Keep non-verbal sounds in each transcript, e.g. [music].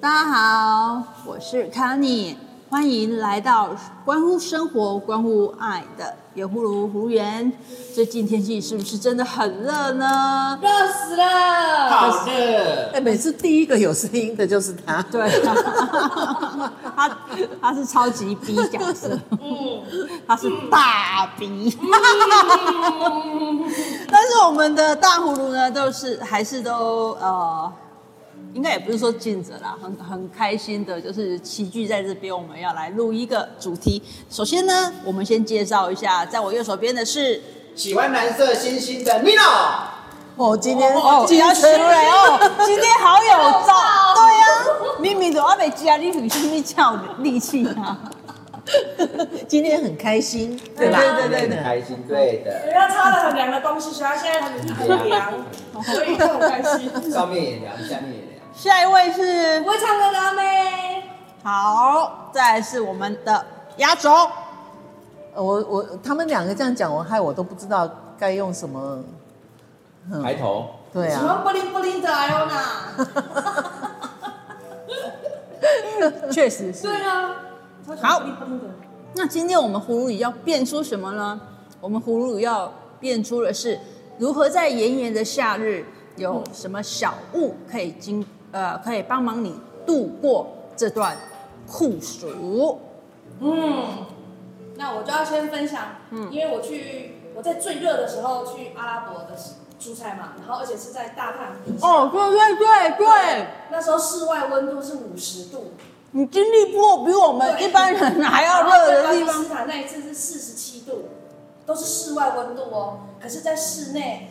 大家好，我是 Canny 歡迎來到關乎生活、關乎愛的圓葫蘆葫蘆緣。最近天氣是不是真的很熱呢？熱死了，好熱。哎，欸，每次第一個有聲音的就是他，對、啊，他他是超級 B 角色，嗯，他是大逼、嗯、 [laughs] 但是我們的大葫蘆呢，都是還是都呃。應該也不是說鏡子啦，很很開心的，就是齊聚在這邊，我們要來錄一個主題。首先呢，我們先介紹一下，在我右手邊的是喜歡藍色星星的 MINO。哦，今天哦，出來哦，今天好有照，都對呀、啊。MINO，明明我未加你，你是咪的力氣啊？ [laughs] 今天很開心，對吧？對對很開心，對的。要擦了很涼的東西，所以現在很涼，所以很開心。上面也涼，下面也。下一位是不會唱歌的妹，好，再是我們的壓軸，我我他們兩個這樣講，我害我都不知道該用什麼抬頭，對啊，什麼布靈布靈的艾歐娜， [laughs] 確實是，對啊，好，那今天我們葫蘆裡要變出什麼呢？我們葫蘆裡要變出的是如何在炎炎的夏日有什麼小物可以經。嗯呃，可以幫忙你度過這段酷暑。嗯，那我就要先分享，嗯，因為我去我在最熱的時候去阿拉伯的出差嘛，然後而且是在大汗。哦，對對對對，對。那時候室外溫度是五十度，你經歷過比我們一般人還要熱的地方。巴基斯坦那一次是四十七度，都是室外溫度哦。可是，在室內，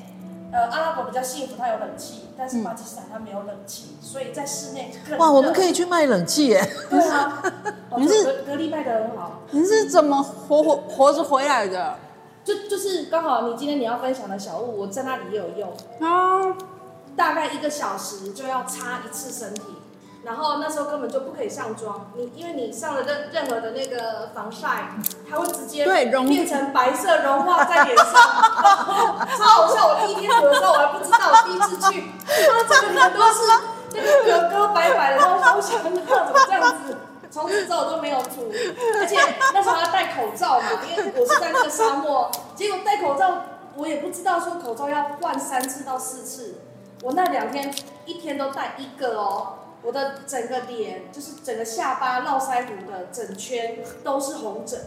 呃，阿拉伯比較幸福，它有冷氣。但是巴基斯坦它沒有冷氣，嗯、所以在室內。哇，我們可以去賣冷氣耶！對啊，我們是格力賣的很好。你是怎麼活活活着回來的？就就是剛好你今天你要分享的小物，我在那裡也有用啊。大概一個小時就要擦一次身體。然後那時候根本就不可以上妝，你因為你上了任任何的那個防曬，它會直接變成白色融化在臉上， [laughs] 超好笑！我第一天的時候我還不知道，我第一次去，個 [laughs] 那個人都是那個哥哥白白的，然後都不喜歡那樣子，怎麼這樣子。從此之後都沒有塗，而且那時候要戴口罩嘛，因為我是在那個沙漠，結果戴口罩，我也不知道說口罩要換三次到四次，我那兩天一天都戴一個哦。我的整個臉，就是整個下巴、絡腮胡的整圈都是紅疹。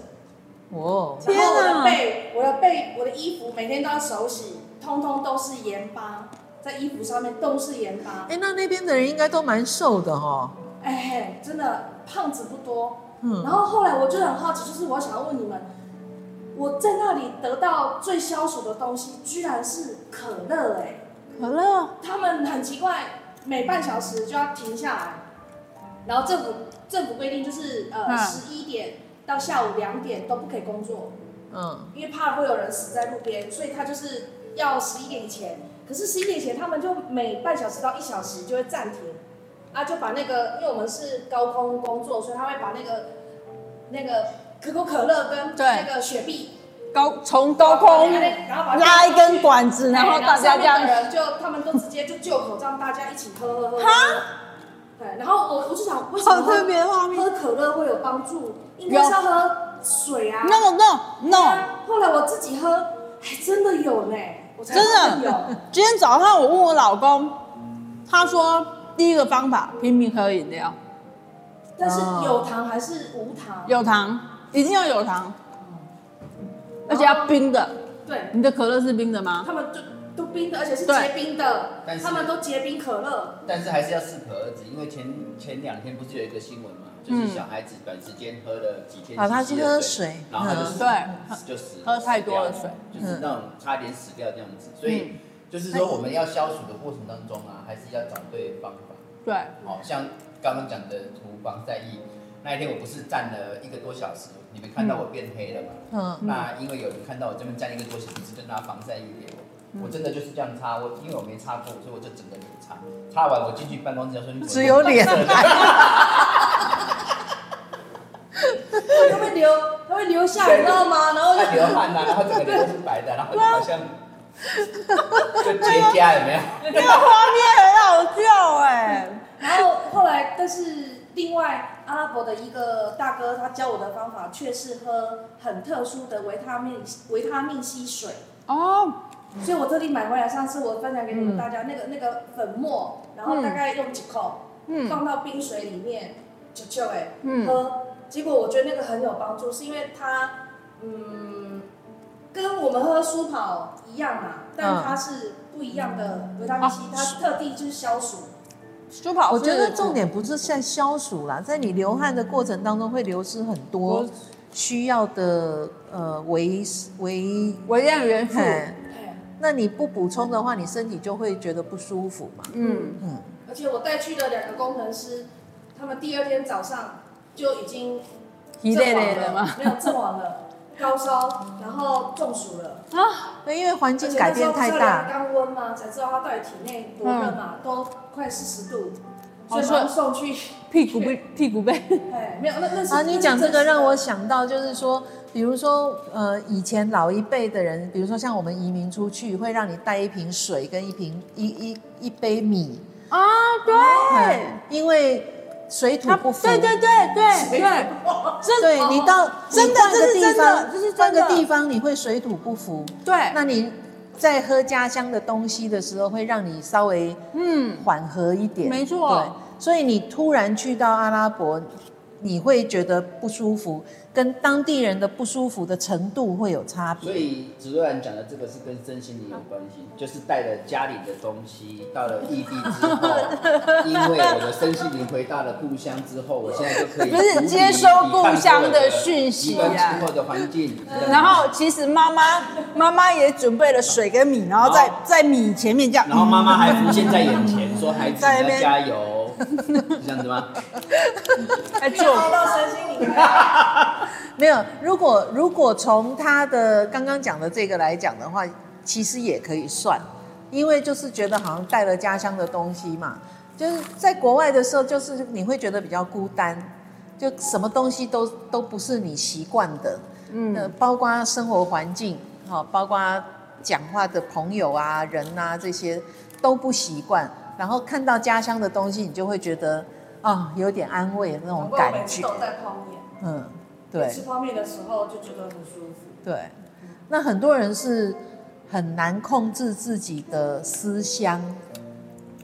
哦，天啊！然後我的背，哪，我的背，我的衣服每天都要手洗，通通都是鹽巴，在衣服上面都是鹽巴。哎，那那邊的人應該都蠻瘦的哈、哦。哎嘿，真的，胖子不多。嗯。然後後來我就很好奇，就是我想要問你們，我在那裡得到最消暑的東西，居然是可樂哎！可樂，他們很奇怪。每半小時就要停下來，然後政府政府規定就是呃嗯，十一點到下午兩點都不可以工作，嗯，因為怕會有人死在路邊，所以他就是要十一點前。可是十一點前，他們就每半小時到一小時就會暫停，啊，就把那個因為我們是高空工作，所以他會把那個那個可口可樂跟對，那個雪碧高從高空把然後把，拉一根管子，然後大家這樣，人就他們都。 [laughs] 就就口罩，大家一起喝喝喝。哈，對，然後我我就想，為什麼喝可樂會有幫助？應該是要喝水啊。no no no、啊。後來我自己喝，還真的有呢。我才真的有。的有，今天早上我問我老公，他說第一個方法拼命喝飲料。但是有糖還是無糖？有糖，一定要有，有糖，然後，而且要冰的。對，你的可樂是冰的嗎？他們就。都冰的，而且是結冰的，他們都結冰可樂。但是還是要適可而止，因為前前兩天不是有一個新聞嘛，就是小孩子短時間喝了幾天好他去喝水，然後他就對就死，喝太多了水，就是那種差點死掉這樣子。所以就是說我們要消暑的過程當中啊，還是要找對方法。對，哦，像剛剛講的塗防曬液，那一天我不是站了一個多小時，你們看到我變黑了嘛？嗯，那因為有人看到我這邊站一個多小時，是跟他防曬一點。我真的就是這樣擦，我因為我沒擦過，所以我就整個臉擦。擦完我進去辦公室說：“擦擦的只有臉、啊。 [laughs] ”哈哈哈會流，它會流下你知道嗎？就是、然後就流汗了。然後整個臉都是白的，啊、然後好像……哈哈哈哈哈！結痂有沒有？那個畫面很好笑哎。 [laughs] 然後後來，但是另外阿拉伯的一個大哥他教我的方法卻是喝很特殊的維他命維他命 C 水哦。Oh. 所以，我特地買回來。上次我分享給你們大家、嗯、那個那個粉末，然後大概用幾口嗯，放到冰水裡面，就就哎喝。結果我覺得那個很有幫助，是因為它嗯，嗯跟我們喝舒跑一樣嘛，但它是不一樣的維他命 C，它特地就是消暑。舒跑、啊、所以我覺得重點不是在消暑啦，在你流汗的過程當中會流失很多需要的呃微微微量元素。嗯那你不補充的話，嗯、你身體就會覺得不舒服嘛。嗯，嗯，而且我帶去了兩個工程師，他們第二天早上就已經。疲累了嗎？沒有，正晚了， [laughs] 高燒，然後中暑了。啊！而且 因為環境改變太大。剛溫嘛，才知道他到底體內多熱嘛、啊，嗯、都快四十度。就是說，送去屁股被屁股被，哎，沒有，那那是啊。你講這個讓我想到，就是說，比如說，呃，以前老一輩的人，比如說像我們移民出去，會讓你帶一瓶水跟一瓶一一一杯米啊。對，因為水土不服。對對對對對，真的。對，你到你換個地方，換個地方，你會水土不服。對，那你在喝家鄉的東西的時候，會讓你稍微嗯緩和一點。沒錯。對。所以你突然去到阿拉伯，你會覺得不舒服，跟當地人的不舒服的程度會有差別。所以主持人講的這個是跟身心靈有關係，好就是帶了家裡的東西到了異、e、地之後， [laughs] 因為我的身心靈回到了故鄉之後，我現在就可以不是接收故鄉的訊息啊。後的環境，對，然後其實媽媽媽媽也準備了水跟米，然後在，好在米前面這樣，然後媽媽還浮現在眼前， [laughs] 說孩子們加油。 [laughs] 是這樣子嗎？被 [laughs] 、欸、 [laughs] 沒有。如果如果從他的剛剛講的這個來講的話，其實也可以算，因為就是覺得好像帶了家鄉的東西嘛。就是在國外的時候，就是你會覺得比較孤單，就什麼東西都都不是你習慣的。嗯，包括生活環境，好，包括講話的朋友啊、人啊這些都不習慣。然後看到家鄉的東西，你就會覺得啊、哦，有點安慰那種感覺。不在嗯，對。吃泡面的時候就覺得很舒服。對，那很多人是很難控制自己的思鄉、嗯。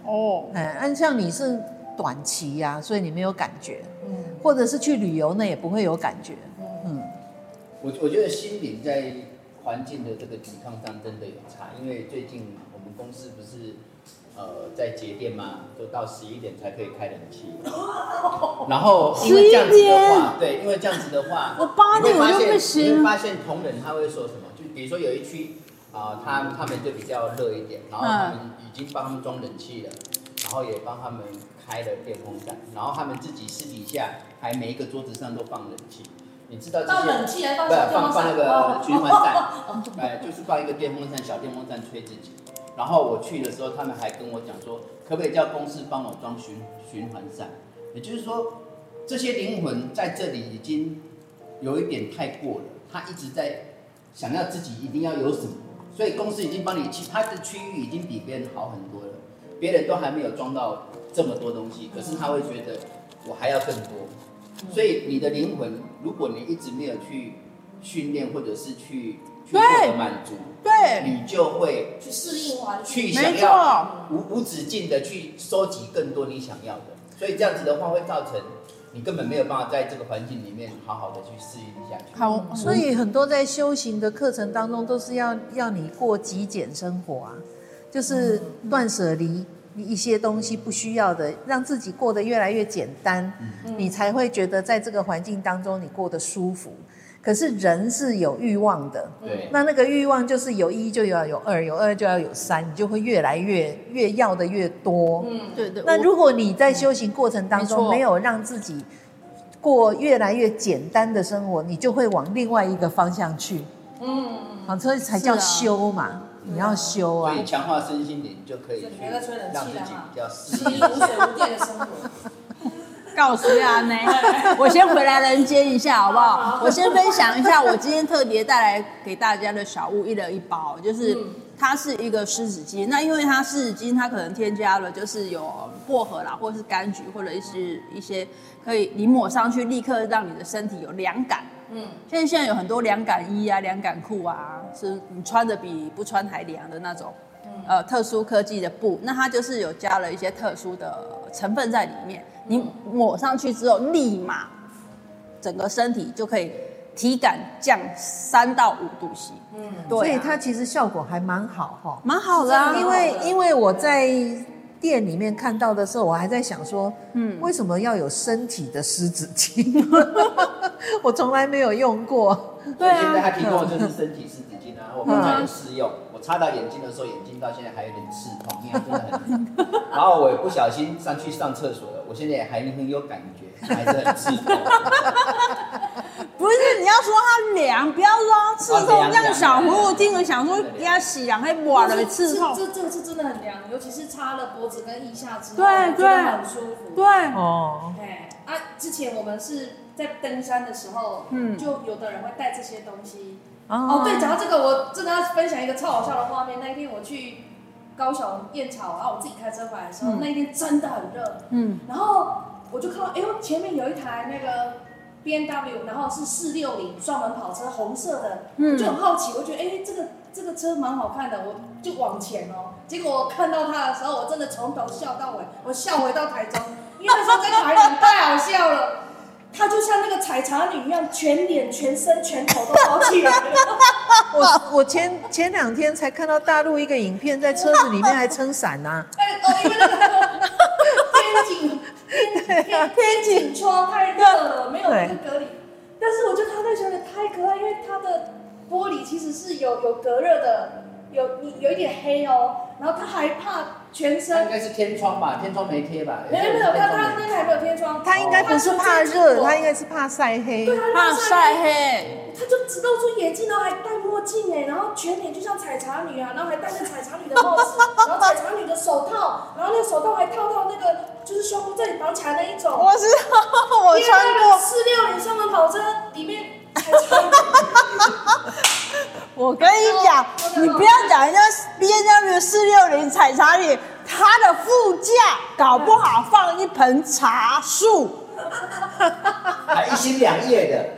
哦。哎、嗯，按像你是短期呀、啊，所以你沒有感覺。嗯。或者是去旅遊呢，也不會有感覺。嗯。嗯，我我覺得心靈在環境的這個抵抗上真的有差，因為最近我們公司不是。呃，在節電嘛，就到十一點才可以開冷氣。哦、然後，因為這樣子的話，對，因為這樣子的話，我八點我你會發現，你會發現同仁他會說什麼？就比如說有一區啊、呃，他他們就比較熱一點，然後他們已經幫他們裝冷氣了，嗯、然後也幫他們開了電風扇，然後他們自己私底下還每一個桌子上都放冷氣。你知道？這些，放冷氣、啊、放對放，放那個循環扇，哇哎，就是放一個電風扇，小電風扇吹自己。然後我去的時候，他們還跟我講說，可不可以叫公司幫我裝循循環扇？也就是說，這些靈魂在這裡已經有一點太過了，他一直在想要自己一定要有什麼，所以公司已經幫你，其他的區域已經比別人好很多了，別人都還沒有裝到這麼多東西，可是他會覺得我還要更多，所以你的靈魂，如果你一直沒有去訓練或者是去。對滿足，對，你就會去適應環境，去想要無無止境的去收集更多你想要的，沒錯。所以這樣子的話會造成你根本沒有辦法在這個環境裡面好好的去適應下去。好，所以很多在修行的課程當中都是要要你過極簡生活，啊，就是斷捨離你一些東西不需要的，讓自己過得越來越簡單，嗯、你才會覺得在這個環境當中你過得舒服。可是人是有慾望的，對、嗯，那那個慾望就是有一就要有二，有二就要有三，你就會越來越越要的越多。嗯，對對。那如果你在修行過程當中沒有讓自己過越來越簡單的生活，你就會往另外一個方向去。嗯，好，所以才叫修嘛，啊、你要修啊。所以強化身心靈就可以去讓自己要簡單一點的生活。嗯 [laughs] 告訴阿妹， [laughs] 我先回來人接一下，好不好？我先分享一下，我今天特別帶來給大家的小物，一人一包，就是它是一個濕紙巾。那因為它濕紙巾，它可能添加了就是有薄荷啦，或是柑橘，或者一些一些可以你抹上去立刻讓你的身體有涼感。嗯，其實現在有很多涼感衣啊、涼感褲啊，是你穿的比不穿還涼的那種、呃，特殊科技的布。那它就是有加了一些特殊的成分在裡面。你抹上去之後，立馬整個身體就可以體感降三到五度 C。嗯，對、啊，所以它其實效果還蠻好哈，蠻好、啊啊、好的。因為因為我在店裡面看到的時候，我還在想說，嗯對，為什麼要有身體的濕紙巾？嗯、 [laughs] 我從來沒有用過。對現在他提供的就是身體濕紙巾啊。我剛才用試用，嗯啊、我擦到眼睛的時候，眼睛到現在還有點刺痛， [laughs] 然後我也不小心上去上廁所。我現在還很有感覺，還是很刺痛。不是你要說它涼，不要說刺痛。讓小胡進來想說，人家死涼還刮了一刺痛。這這是真的很涼，尤其是擦了脖子跟腋下之後，對對，覺得很舒服。對哦，OK，啊，之前我們是在登山的時候，嗯，就有的人會帶這些東西。哦，對，講到這個，我真的要分享一個超好笑的畫面。那一天我去。高雄燕巢，然、啊、後我自己開車回來的時候，嗯、那一天真的很熱。嗯，然後我就看到，哎呦，前面有一台那個 BMW，然後是四六零雙門跑車，紅色的，嗯，就很好奇，我覺得，哎，這個這個車蠻好看的，我就往前哦。結果我看到它的時候，我真的從頭笑到尾，我笑回到台中，因為說這個牌子太好笑了。 [laughs] 她就像那個採茶女一樣，全臉、全身、全頭都包起來了 [laughs] 我我前前兩天才看到大陸一個影片，在車子裡面還撐傘呢、啊 [laughs] 哎。因為那個天井天井天天井窗太熱了，對沒有那個隔離。但是我覺得她那小姐太可愛，因為她的玻璃其實是有有隔熱的，有有有一點黑哦。然後他還怕全身，應該是天窗吧，天窗沒貼吧？沒有沒有，他他那個還沒有天窗。他應該不是怕熱，他應該是怕曬黑，對怕曬黑。他就只露出眼睛，然後還戴墨鏡哎，然後全臉就像採茶女啊，然後還戴着採茶女的帽子， [laughs] 然後採茶女的手套，然後那個手套還套到那個就是胸部這裡綁起來的一種。我知道，我穿過那個四六零上的跑車裡面。哈哈哈！哈， [laughs] 我跟你講，你不要講人家 BMW 四六零採茶女，她的副駕搞不好放一盆茶樹，哈哈哈，還一心兩葉的。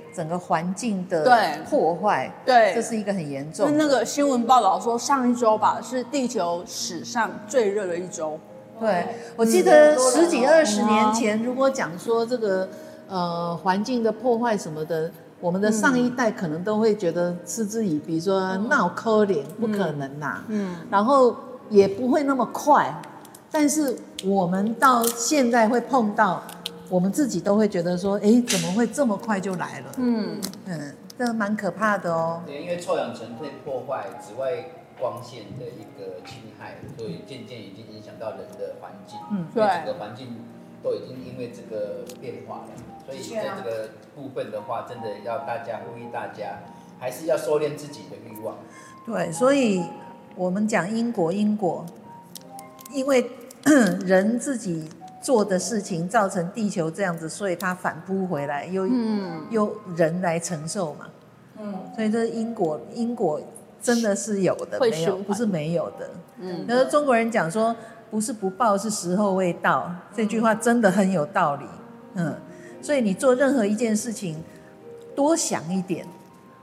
整個環境的破壞，對，對，這是一個很嚴重。那個新聞報道說，上一周吧，是地球史上最熱的一周。對，嗯，我記得十幾二十年前，嗯啊，如果講說這個呃環境的破壞什麼的，我們的上一代可能都會覺得嗤之以鼻，比如說鬧摳臉不可能吶，啊嗯。嗯，然後也不會那麼快，但是我們到現在會碰到。我們自己都會覺得說，哎，怎麼會這麼快就來了？嗯嗯，這蠻可怕的哦。對，因為臭氧層被破壞，紫外光線的一個侵害，所以漸漸已經影響到人的環境。嗯，對，整個環境都已經因為這個變化了。所以在這個部分的話，真的要大家呼籲大家，還是要收斂自己的慾望。對，所以我們講因果，因果，因為人自己。做的事情造成地球這樣子，所以它反撲回來，又由、嗯、由人來承受嘛。嗯，所以這是因果，因果真的是有的，會沒有不是沒有的。嗯，然後中國人講說，不是不報，是時候未到，這句話真的很有道理。嗯，所以你做任何一件事情，多想一點，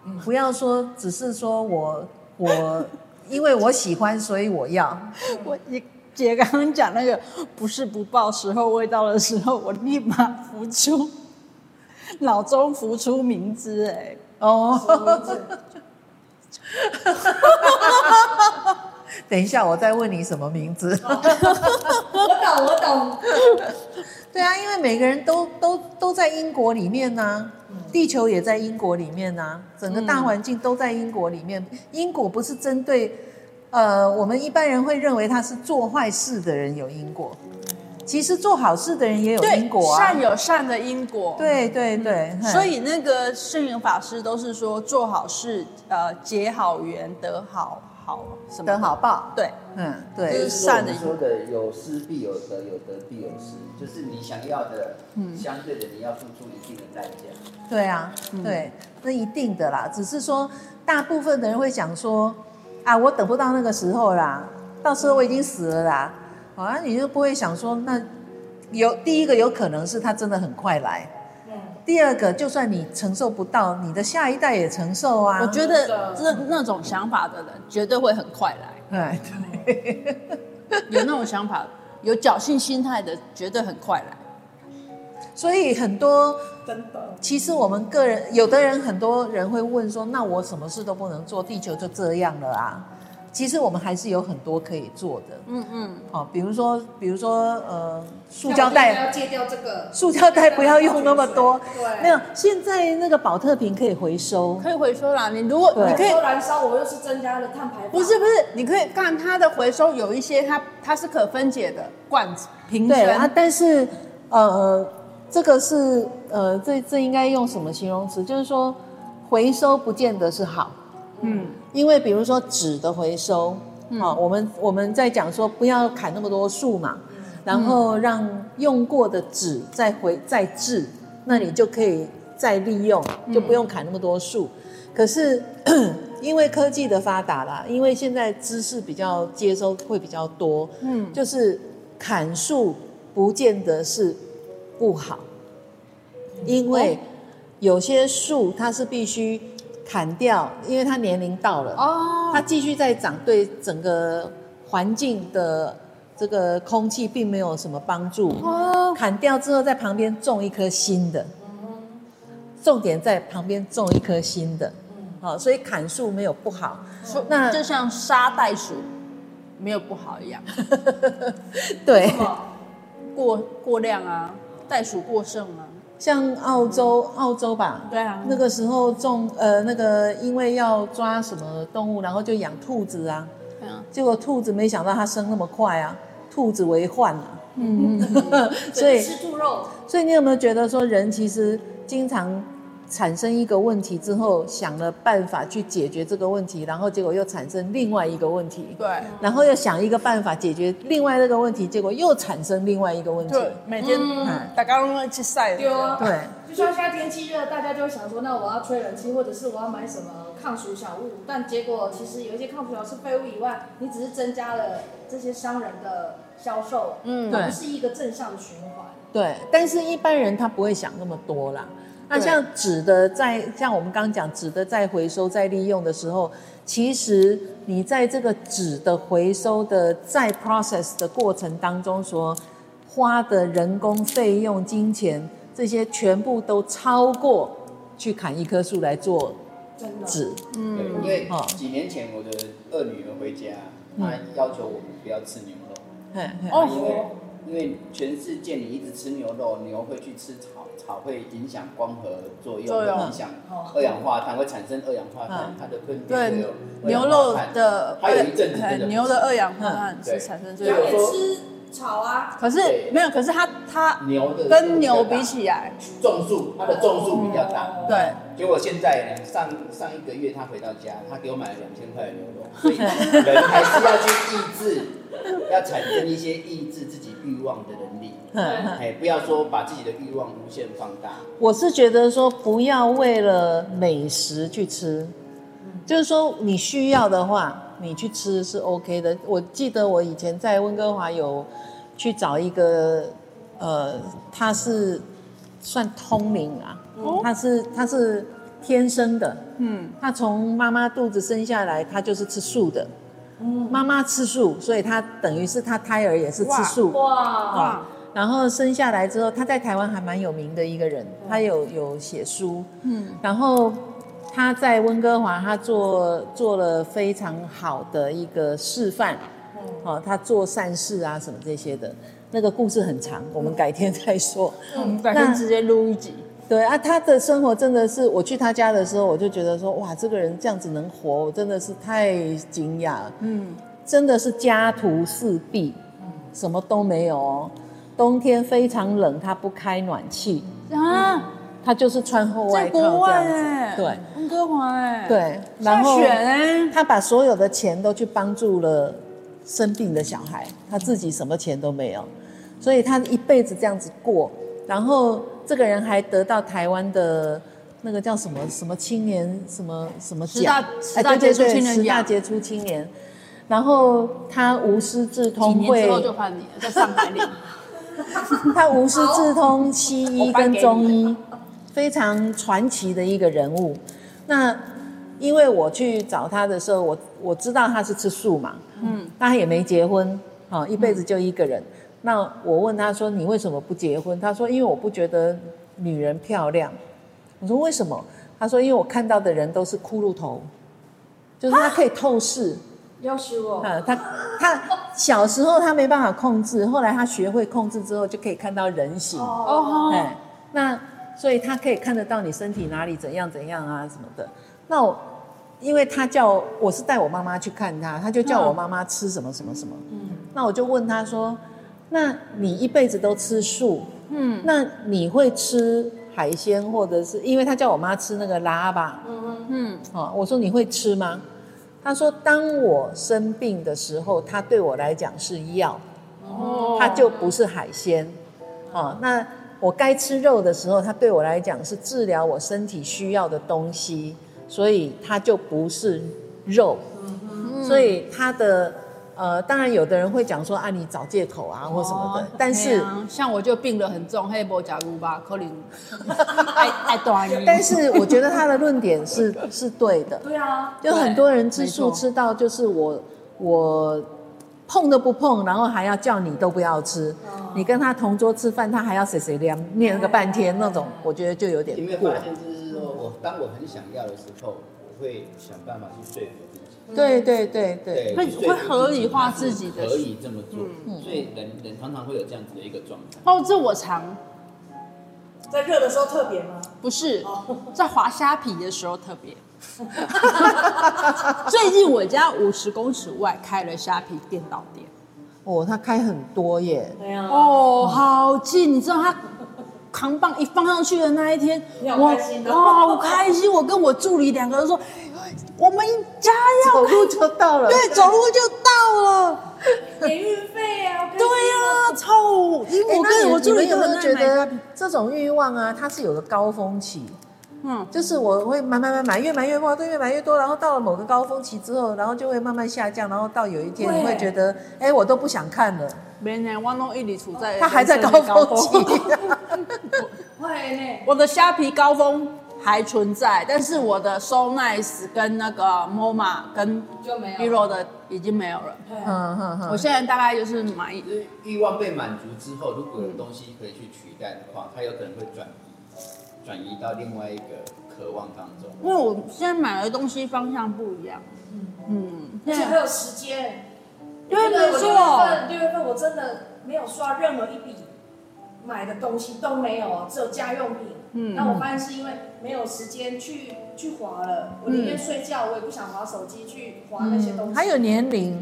嗯、不要說只是說我我 [laughs] 因為我喜歡，所以我要我姐剛剛講那個不是不報時候，未到的時候，我立馬浮出腦中浮出名字哎，哦，是不是？等一下，我再問你什麼名字？哦、我懂，我懂。對啊，因為每個人都都都在英國裡面呢、啊，嗯、地球也在英國裡面呢、啊，整個大環境都在英國裡面。嗯、英國不是針對。呃，我們一般人會認為他是做壞事的人有因果，其實做好事的人也有因果、啊，對啊，善有善的因果，對對對。對對，所以那個聖嚴法師都是說做好事，呃，結好緣得好好什麼得好報。對，嗯，對，就是善的。說的有失必有得，有得必有失，就是你想要的，嗯，相對的你要付出一定的代價。對啊，對，嗯，那一定的啦，只是說大部分的人會講說。啊，我等不到那個時候啦，到時候我已經死了啦，好啊，你就不會想說那有，有第一個有可能是他真的很快來，對第二個就算你承受不到，你的下一代也承受啊。我覺得這對那種想法的人，絕對會很快來。對對，對 [laughs] 有那種想法、有僥倖心態的，絕對很快來。所以很多。真的，其實我們個人，有的人，很多人會問說，那我什麼事都不能做，地球就這樣了啊？其實我們還是有很多可以做的。嗯嗯，嗯哦，比如說，比如說，呃，塑膠袋要戒掉這個，塑膠袋不要用那麼多。對，沒有，現在那個寶特瓶可以回收，可以回收啦。你如果對你可以燃燒，我又是增加了碳排放。不是不是，你可以看它的回收有一些它，它它是可分解的罐子瓶子。對啊，但是呃。呃這個是呃，這這應該用什麼形容詞？就是說，回收不見得是好，嗯，因為比如說紙的回收，嗯、啊，我們我們在講說不要砍那麼多樹嘛，然後讓用過的紙再回再制，那你就可以再利用，嗯、就不用砍那麼多樹。嗯、可是因為科技的發達啦，因為現在知識比較接收會比較多，嗯，就是砍樹不見得是。不好，因為有些樹它是必須砍掉，因為它年齡到了，它、哦、繼續在長，對整個環境的這個空氣並沒有什麼幫助。哦、砍掉之後，在旁邊種一棵新的，重點在旁邊種一棵新的、嗯哦。所以砍樹沒有不好，哦、那就像沙袋鼠沒有不好一樣。 [laughs] 對，對過過量啊。袋鼠過剩了、啊，像澳洲、嗯、澳洲吧，對啊，那個時候種，呃，那個因為要抓什麼動物，然後就養兔子啊，對啊，結果兔子沒想到它生那麼快啊，兔子為患啊，嗯， [laughs] 所以吃兔肉所，所以你有沒有覺得說人其實經常。產生一個問題之後，想了辦法去解決這個問題，然後結果又產生另外一個問題。對。然後又想一個辦法解決另外那個問題，結果又產生另外一個問題。對，每天、嗯、大家都會去曬。唉對，啊、對。對 [laughs] 就像現在天氣熱，大家就會想說，那我要吹冷氣，或者是我要買什麼抗暑小物。但結果其實有一些抗暑小物是廢物以外，你只是增加了這些商人的銷售。嗯，對。不是一個正向的循環。對，但是一般人他不會想那麼多啦。對那像紙的在像我們剛剛講紙的再回收再利用的時候，其實你在這個紙的回收的再 process 的過程當中所花的人工費用、金錢，這些全部都超過去砍一棵樹來做紙。嗯，對。因為幾年前我的二女兒回家，她、哦、要求我們不要吃牛肉。嗯、因為、哦、因為全世界你一直吃牛肉，牛會去吃草。草會影響光合作用，影響二氧化碳，會產生二氧化碳，它的糞便有對，牛肉的，它有一陣子牛的二氧化碳是產生最多。牛吃草啊，可是沒有，可是它它牛的跟牛比起來，種樹它的種樹比較大。對，結果現在上上一個月他回到家，他給我買了兩千塊的牛肉，所以人還是要去抑制，要產生一些抑制自己欲望的人。哎，不要說把自己的慾望無限放大。我是覺得說，不要為了美食去吃，就是說你需要的話，你去吃是 OK 的。我記得我以前在溫哥華有去找一個，呃，他是算通靈啊，他是他是天生的，嗯，他從媽媽肚子生下來，他就是吃素的，媽媽吃素，所以他等於是他胎兒也是吃素，啊，哇然後生下來之後，他在台灣還蠻有名的一個人，對他有有寫書，嗯，然後他在溫哥華，他做，嗯，做了非常好的一個示範，嗯哦，他做善事啊什麼這些的，那個故事很長，我們改天再說，嗯，那我們改天直接錄一集。對啊，他的生活真的是，我去他家的時候，我就覺得說，哇，這個人這樣子能活，我真的是太驚訝了，嗯，真的是家徒四壁，嗯，什麼都沒有哦。冬天非常冷，他不開暖氣啊、嗯，他就是穿厚外套在國外哎、欸、對，溫哥華哎，對，然後他把所有的錢都去幫助了生病的小孩，他自己什麼錢都沒有，所以他一輩子這樣子過。然後這個人還得到台灣的那個叫什麼什麼青年什麼什麼獎，十大傑出青年，十大傑出青年。然後他無師自通會，幾年之後就叛逆，在上海裡。 [laughs] [laughs] 他無師自通西醫好跟中醫，非常傳奇的一個人物。那因為我去找他的時候，我我知道他是吃素嘛，嗯，他也沒結婚，啊，一輩子就一個人。嗯、那我問他說：“你為什麼不結婚？”他說：“因為我不覺得女人漂亮。”我說：“為什麼？”他說：“因為我看到的人都是骷髏頭，就是他可以透視。啊？”要修哦、嗯。他他小時候他沒辦法控制，後來他學會控制之後，就可以看到人形。哦。哎、嗯，那所以他可以看得到你身體哪裡怎樣怎樣啊什麼的。那我因為他叫我是帶我媽媽去看他，他就叫我媽媽吃什麼什麼什麼。嗯。那我就問他說：“那你一輩子都吃素？嗯，那你會吃海鮮或者是？因為他叫我媽吃那個辣吧。嗯嗯嗯。哦、嗯，我說你會吃嗎？”他說：“當我生病的時候，它對我來講是藥，它就不是海鮮。哦，那我該吃肉的時候，它對我來講是治療我身體需要的東西，所以它就不是肉。所以它的。”呃，當然，有的人會講說啊，你找借口啊，或什麼的。但是像我就病得很重，嘿，波假如把柯林，太哈哈但是我覺得他的論點是是對的。對啊，就很多人吃素吃到就是我我碰都不碰，然後還要叫你都不要吃。你跟他同桌吃飯，他還要碎碎念個半天，那種我覺得就有點過。因為就是說我當我很想要的時候，我會想辦法去說服。對對對對，會會合理化自己的，可以這麼做，嗯、所以人人常常會有這樣子的一個狀態。哦，這我常在熱的時候特別嗎？不是，哦、在滑蝦皮的時候特別。 [laughs] [laughs] 最近我家五十公尺外開了蝦皮店到店，哦，他開很多耶，對呀、啊，哦，好近，你知道他。扛棒一放上去的那一天，我哇，我好開心！我跟我助理兩個人說，我們家要走路就到了，對，走路就到了，給運費啊！對呀，超！我跟我助理有沒有覺得這種慾望啊，它是有個高峰期？嗯，就是我會買買買買，越買越多，對，越買越多。然後到了某個高峰期之後，然後就會慢慢下降。然後到有一天你會覺得，哎，我都不想看了。沒呢，我弄一直處在裡、哦。他還在高峰期。我的蝦皮高峰還存在，但是我的 So Nice 跟那個 Moma 跟 Hero 的已經沒有了。有對。嗯嗯，嗯，我現在大概就是滿意欲望被滿足之後，如果有東西可以去取代的話，它有可能會轉移、呃，轉移到另外一個渴望當中。因為我現在買的東西方向不一樣。嗯。其、嗯、而且還有時間。對對，我覺得六月份我真的沒有刷任何一筆，買的東西都沒有，只有家用品。嗯，但我發現是因為沒有時間去去劃了，我寧願睡覺，我也不想劃手機去劃那些東西。嗯，還有年齡。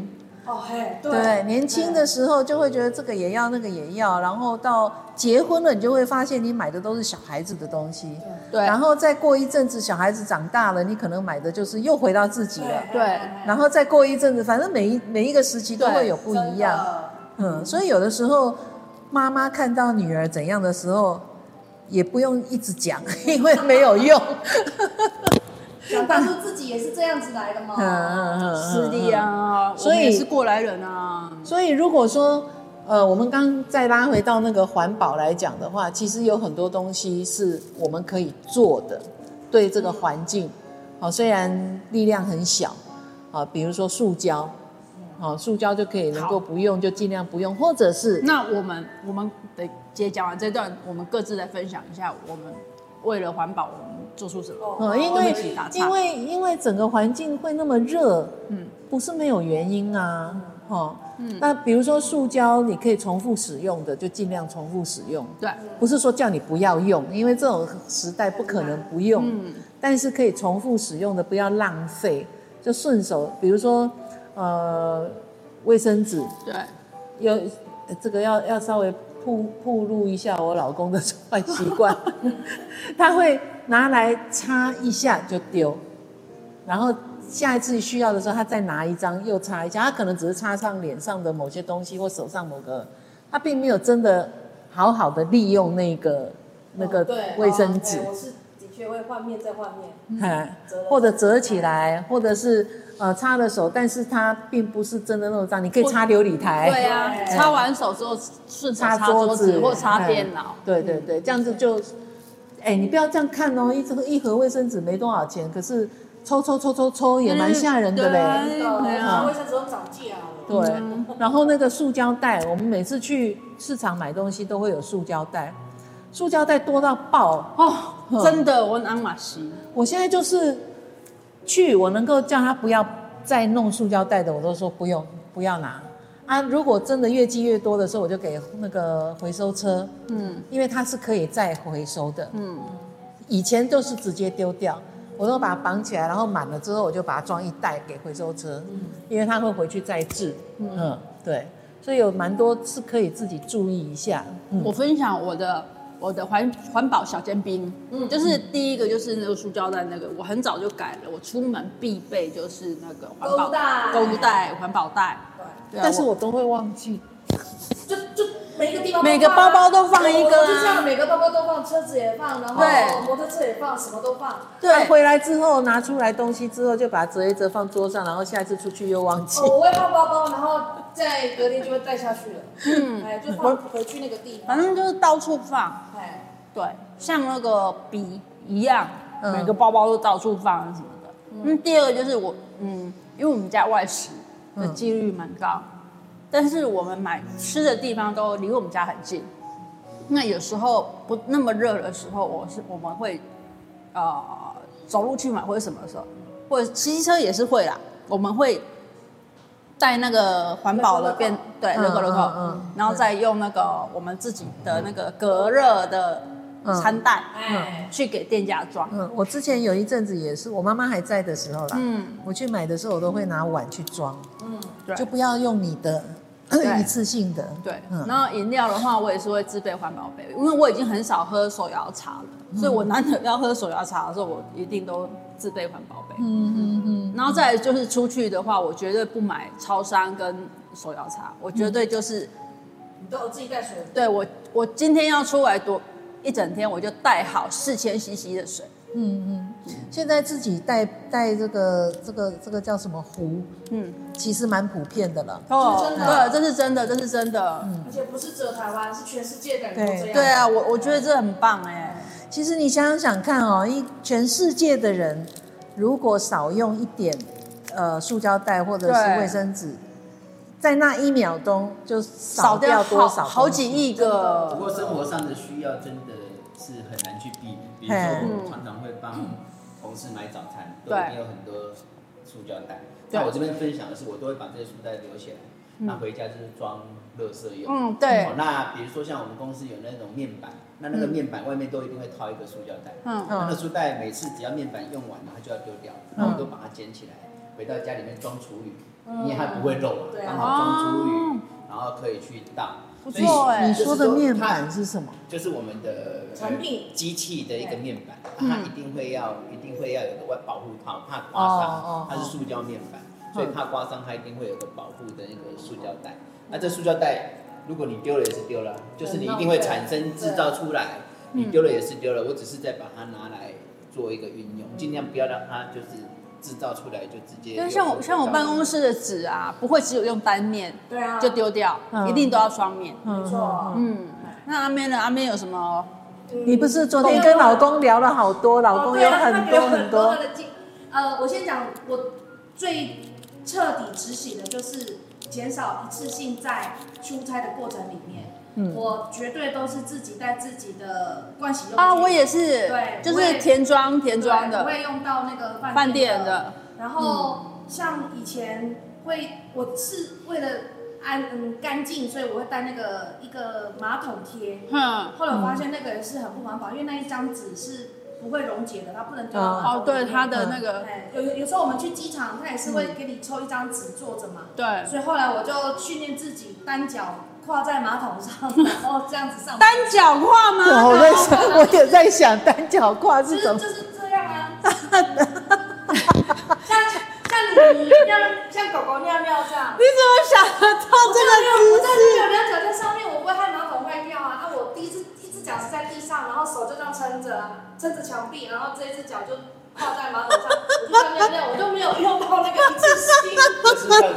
哦，嘿，oh, hey, 對，對，年輕的時候就會覺得這個也要對那個也要，然後到結婚了，你就會發現你買的都是小孩子的東西，對，然後再過一陣子，小孩子長大了，你可能買的就是又回到自己了，對，對，然後再過一陣子，反正每一每一個時期都會有不一樣，嗯，所以有的時候媽媽看到女兒怎樣的時候，也不用一直講，因為沒有用。 [laughs] 當初自己也是這樣子來的嗎？啊、是的呀，啊，所以也是過來人啊。所以如果說，呃，我們剛再拉回到那個環保來講的話，其實有很多東西是我們可以做的，對這個環境，好，嗯哦，雖然力量很小，啊，比如說塑膠，好，啊，塑膠就可以能夠不用好就盡量不用，或者是那我們我們得結講完、啊、這段，我們各自來分享一下，我們為了環保。做出什麼、哦？因為因為因為整個環境會那麼熱，嗯，不是沒有原因啊，哦、嗯，那比如說塑膠，你可以重複使用的，就盡量重複使用，對，不是說叫你不要用，嗯、因為這種時代不可能不用，嗯，但是可以重複使用的，不要浪費，就順手，比如說呃，衛生紙，對，有這個要要稍微。鋪曝露一下我老公的壞習慣，他會拿來擦一下就丟，然後下一次需要的時候他再拿一張又擦一下，他可能只是擦上臉上的某些東西或手上某個，他並沒有真的好好的利用那個那個衛生紙。的確會換面、再換面，或者折起來，或者是。呃，擦了手，但是它並不是真的那麼髒。你可以擦流理台。對啊，擦完手之後順擦桌子或擦電腦。對對對，這樣子就，哎，你不要這樣看哦，一盒一盒衛生紙沒多少錢，可是抽抽抽抽抽也蠻嚇人的嘞。衛生紙都漲價了。對，然後那個塑膠袋，我們每次去市場買東西都會有塑膠袋，塑膠袋多到爆哦，真的，我安瑪西，我現在就是。去我能夠叫他不要再弄塑膠袋的，我都說不用，不要拿啊！如果真的越積越多的時候，我就給那個回收車，嗯，因為它是可以再回收的，嗯，以前都是直接丟掉，我都把它綁起來，然後滿了之後我就把它裝一袋給回收車，嗯，因為它會回去再製，嗯，嗯，對，所以有蠻多是可以自己注意一下。嗯，我分享我的。我的環環保小尖兵，嗯，就是第一個就是那個塑膠袋那個，我很早就改了。我出門必備就是那個環保袋、購物袋、環保袋，對，對啊，但是我都會忘記，就我 [laughs] 就。就每個地方每個包包都放一個、啊、就這樣，每個包包都放，車子也放，然後，對然後摩托車也放，什麼都放。對，唉回來之後拿出來東西之後，就把它折一折放桌上，然後下次出去又忘記。喔、我會放包包，然後再隔天就會帶下去了。嗯，就放回去那個地方，反正就是到處放。對唉，對，像那個筆一樣，嗯、每個包包都到處放什麼的。嗯，嗯，第二個就是我，嗯，因為我們家外食的幾率蠻高。嗯但是我們買吃的地方都離我們家很近，那有時候不那麼熱的時候，我是我們會，呃，走路去買或者什麼時候，或者騎車也是會啦。我們會帶那個環保的便，對，樂扣樂扣，嗯，然後再用那個我們自己的那個隔熱的餐袋，嗯，去給店家裝。哎、嗯，我之前有一陣子也是我媽媽還在的時候啦，嗯，我去買的時候我都會拿碗去裝，嗯，嗯，對，就不要用你的。一次性的對，對嗯、然後飲料的話，我也是會自備環保杯，因為我已經很少喝手搖茶了，嗯、所以我難得要喝手搖茶的時候，我一定都自備環保杯、嗯。嗯嗯嗯，嗯然後再來就是出去的話，我絕對不買超商跟手搖茶，我絕對就是，都有自己帶水。對我，我今天要出來多一整天，我就帶好四千 CC 的水。嗯嗯。嗯現在自己帶帶這個這個這個叫什麼壺，嗯，其實蠻普遍的了。哦，對，這是真的，這是真的。而且不是只有台灣，是全世界的人這樣。對對啊，我我覺得這很棒哎。其實你想想看哦，一全世界的人，如果少用一點呃塑膠袋或者是衛生紙，在那一秒鐘就少掉多少好幾億個。不過生活上的需要真的是很難去避免，比如說我們常常會幫。同事買早餐都一定有很多塑膠袋，對那我這邊分享的是，我都會把這些塑膠袋留起來，那回家就是裝樂色用。嗯，對、哦。那比如說像我們公司有那種面板，那那個面板外面都一定會套一個塑膠袋。嗯嗯。嗯，那那個塑膠袋每次只要面板用完了，它就要丟掉，然後我都把它撿起來，回到家裡面裝廚餘，因為它不會漏嘛，剛、嗯、好裝廚餘，哦、然後可以去倒。你說的面板是什麼？就是我們的產品機器的一個面板，立嗯、它一定會要，一定會要有個外保護套，怕刮傷。Oh, oh, oh. 它是塑膠面板，所以怕刮傷，它一定會有個保護的那個塑膠袋。那、oh. 啊、這塑膠袋，如果你丟了也是丟了，就是你一定會產生制造出來，嗯、你丟了也是丟了。我只是在把它拿來做一個運用，盡、嗯、量不要讓它就是。製造出來就直接，因為像我像我辦公室的紙啊，不會只有用單面，對啊，就丟掉，嗯、一定都要雙面，沒錯，嗯。那阿妹呢？阿妹有什麼？對你不是昨天跟老公聊了好多，對老公有很多、哦、對啊、很多很多的，呃，我先講，我最徹底執行的就是減少一次性，在出差的過程裡面。我絕對都是自己帶自己的盥洗用品啊，我也是，對，就是填裝填裝的，會用到那個飯店的。然後像以前會，我是為了安嗯乾淨，所以我會帶那個一個馬桶貼。哼。後來我發現那個也是很不環保，因為那一張紙是不會溶解的，它不能丟哦，對，它的那個，有有時候我們去機場，他也是會給你抽一張紙坐着嘛。對，所以後來我就訓練自己單腳。掛在馬桶上，然後，這樣子上單腳跨嗎？對我在想，我也在想單腳跨是怎麼、就是，就是這樣啊， [laughs] 像像你像狗狗尿尿這樣。你怎麼想得到這個姿勢？我有兩腳在上面，我怕害馬桶壞掉啊。那我第一隻，一隻腳是在地上，然後手就這樣撐着，撐着牆壁，然後這一隻腳就。掛在馬桶上我就，亮亮我就沒有用到那個一次性，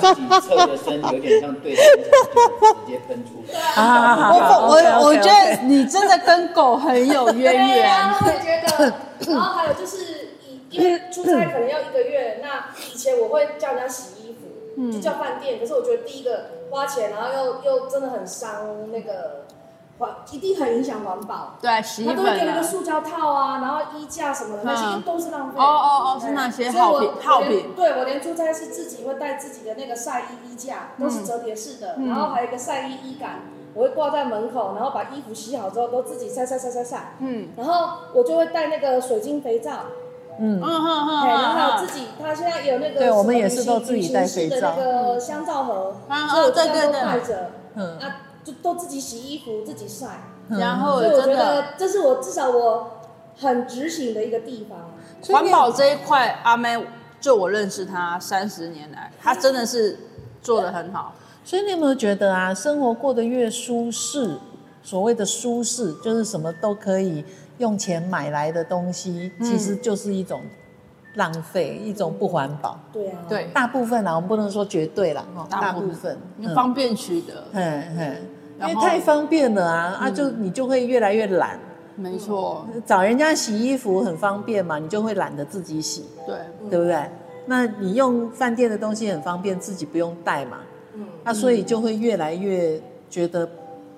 側身有點像對，直接噴出。啊啊、我我覺得、okay, okay，你真的跟狗很有淵源。啊、我覺得，然後還有就是一因為出差可能要一個月，那以前我會叫人家洗衣服，嗯、就叫飯店，可是我覺得第一個花錢，然後又又真的很傷那個。一定很影響環保，對，洗衣粉它都會用那個塑膠套啊，然後衣架什麼的，那些都是浪費。哦哦哦，是那些耗品。耗品。對，我連出差是自己會帶自己的那個曬衣衣架，都是折疊式的，然後還有一個曬衣衣杆，我會掛在門口，然後把衣服洗好之後都自己曬曬曬曬曬。嗯。然後我就會帶那個水晶肥皂，嗯，好好好，然後自己，他現在有那個對，我們也是都自己帶肥皂的那個香皂盒，啊啊，對對對，嗯就都自己洗衣服，自己曬。然後，我覺得這是我的至少我很執行的一個地方。環保這一塊，阿妹、啊，就我認識她三十年來，她、嗯、真的是做的很好。嗯、所以你有沒有覺得啊，生活過得越舒適，所謂的舒適就是什麼都可以用錢買來的東西，嗯、其實就是一種。浪費一種不環保，對啊，對，大部分啊，我們不能說絕對啦，大部分，方便取得，因為太方便了啊啊，就你就會越來越懶，沒錯，找人家洗衣服很方便嘛，你就會懶得自己洗，對，對不對？那你用飯店的東西很方便，自己不用帶嘛，嗯，那所以就會越來越覺得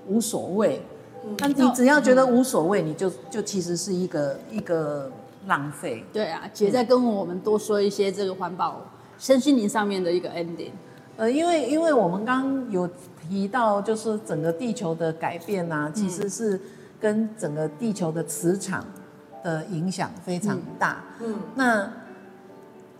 無所謂，嗯，你只要覺得無所謂，你就就其實是一個一個浪費對啊，姐，在跟我們多說一些這個環保、嗯、身心靈上面的一個 ending。呃，因為因為我們剛剛有提到，就是整個地球的改變啊，嗯、其實是跟整個地球的磁場的影響非常大。嗯，嗯，那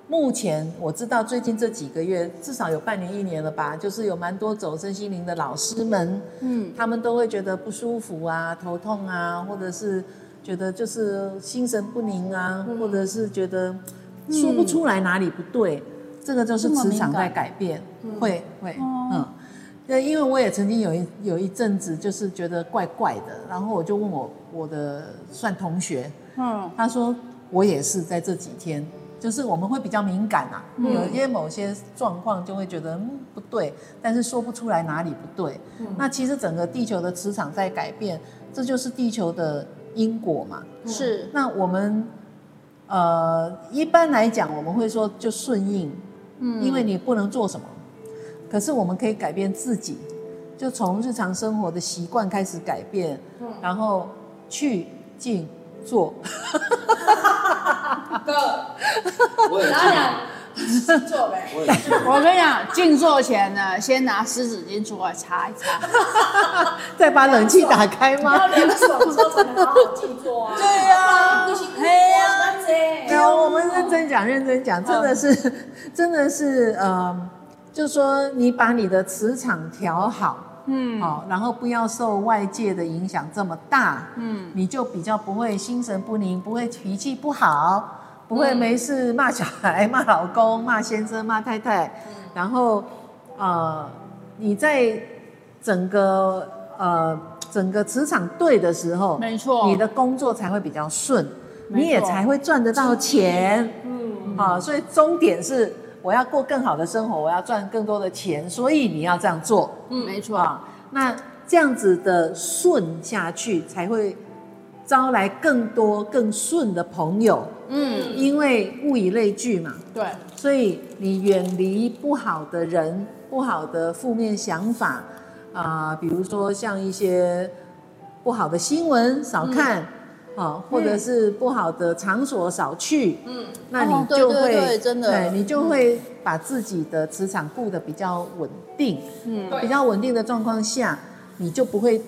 目前我知道最近這幾個月，至少有半年一年了吧，就是有蠻多走身心靈的老師們，嗯，他們都會覺得不舒服啊，頭痛啊，或者是。覺得就是心神不寧啊，嗯、或者是覺得說不出來哪裡不對，嗯、這個就是磁場在改變，會會嗯，對會、哦嗯，因為我也曾經有一有一陣子就是覺得怪怪的，然後我就問我我的算同學，嗯，他說我也是在這幾天，就是我們會比較敏感啊，嗯、有一些某些狀況就會覺得嗯不對，但是說不出來哪裡不對，嗯、那其實整個地球的磁場在改變，這就是地球的。因果嘛，是、嗯。那我們，呃，一般來講，我們會說就順應，嗯，因為你不能做什麼，可是我們可以改變自己，就從日常生活的習慣開始改變，嗯，然後去靜坐。對，我也是靜坐唄，我跟你講，靜坐前呢，先拿濕紙巾出來擦一擦，再把冷氣打開嗎？然後冷爽，然後靜坐啊。對呀，對呀。沒有，我們認真講，認真講，真的是，真的是，呃，就說你把你的磁場調好，嗯，好，然後不要受外界的影響這麼大，嗯，你就比較不會心神不寧，不會脾氣不好。嗯、不會沒事罵小孩、罵老公、罵先生、罵太太，嗯、然後，呃，你在整個呃整個磁場對的時候，沒錯，你的工作才會比較順，沒錯，你也才會賺得到錢，嗯，啊，所以終點是我要過更好的生活，我要賺更多的錢，所以你要這樣做，嗯，沒錯，啊、那這樣子的順下去才會招來更多更順的朋友，嗯，因為物以類聚嘛，對，所以你遠離不好的人、不好的負面想法啊、呃，比如說像一些不好的新聞少看，嗯、啊，或者是不好的場所少去，嗯，那你就會、哦、對對對真的，你就會把自己的磁場顧得比較穩定，嗯，嗯比較穩定的狀況下，你就不會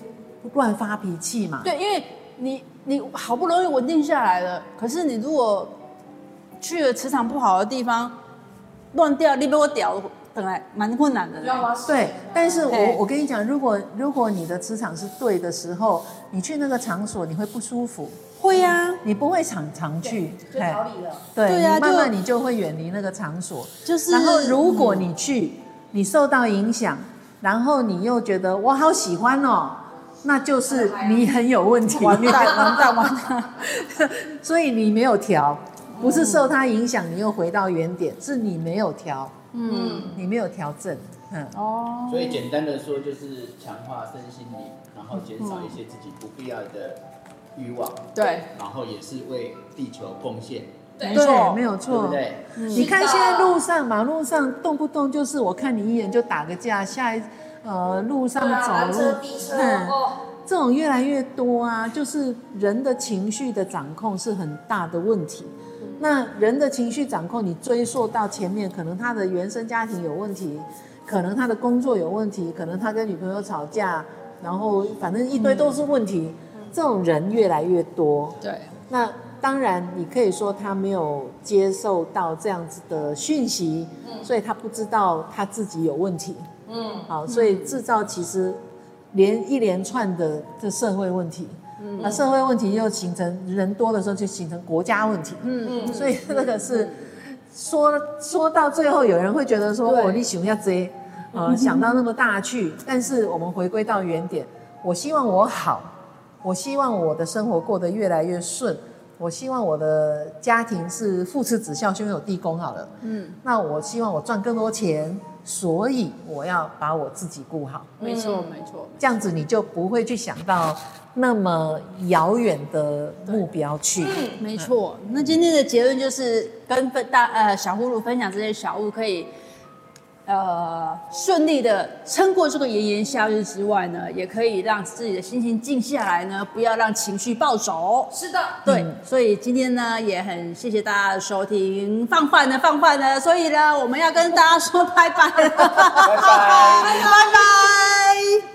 亂發脾氣嘛，對，因為你。你好不容易穩定下來了，可是你如果去了磁場不好的地方，亂掉，你被我屌，本來蠻困難的，知道嗎？對。但是我、欸、我跟你講，如果如果你的磁場是對的時候，你去那個場所，你會不舒服。會呀、啊，嗯、你不會常常去，對，對了。對呀，對啊、你慢慢你就會遠離那個場所。就是。然後如果你去，你受到影響，然後你又覺得我好喜歡哦。那就是你很有問題，啊、完蛋完蛋完蛋，所以你沒有調，嗯、不是受它影響，你又回到原點，是你沒有調，嗯，你沒有調整，嗯，哦。所以簡單的說，就是強化身心靈，然後減少一些自己不必要的欲望，對、嗯，然後也是為地球奉獻，沒錯，對對沒有錯，對不對？嗯、你看現在路上，馬路上動不動就是我看你一眼就打個架，下一。呃，路上走路，嗯，嗯，這種越來越多啊，就是人的情緒的掌控是很大的問題。嗯、那人的情緒掌控，你追溯到前面，可能他的原生家庭有問題，嗯、可能他的工作有問題，可能他跟女朋友吵架，嗯、然後反正一堆都是問題。嗯、這種人越來越多，對、嗯。那當然，你可以說他沒有接受到這樣子的訊息，嗯、所以他不知道他自己有問題。嗯，好，所以製造其實連一連串的這社會問題，嗯，那社會問題又形成人多的時候就形成國家問題，嗯嗯，嗯所以那個是說說到最後，有人會覺得說對哦，你喜歡要追，啊、呃，嗯、想到那麼大去，但是我們回歸到原點，我希望我好，我希望我的生活過得越來越順，我希望我的家庭是父慈子孝、兄友弟恭好了，嗯，那我希望我賺更多錢。所以我要把我自己顧好，沒錯沒錯，這樣子你就不會去想到那麼遙遠的目標去。嗯嗯、沒錯，那今天的結論就是跟分大呃小葫蘆分享這些小物可以。呃，順利的撐過這個炎炎夏日之外呢，也可以讓自己的心情靜下來呢，不要讓情緒暴走。是的，對，嗯，所以今天呢，也很謝謝大家的收聽，放飯了，放飯了，所以呢，我們要跟大家說拜拜了， [laughs] 拜拜，拜拜。 [laughs]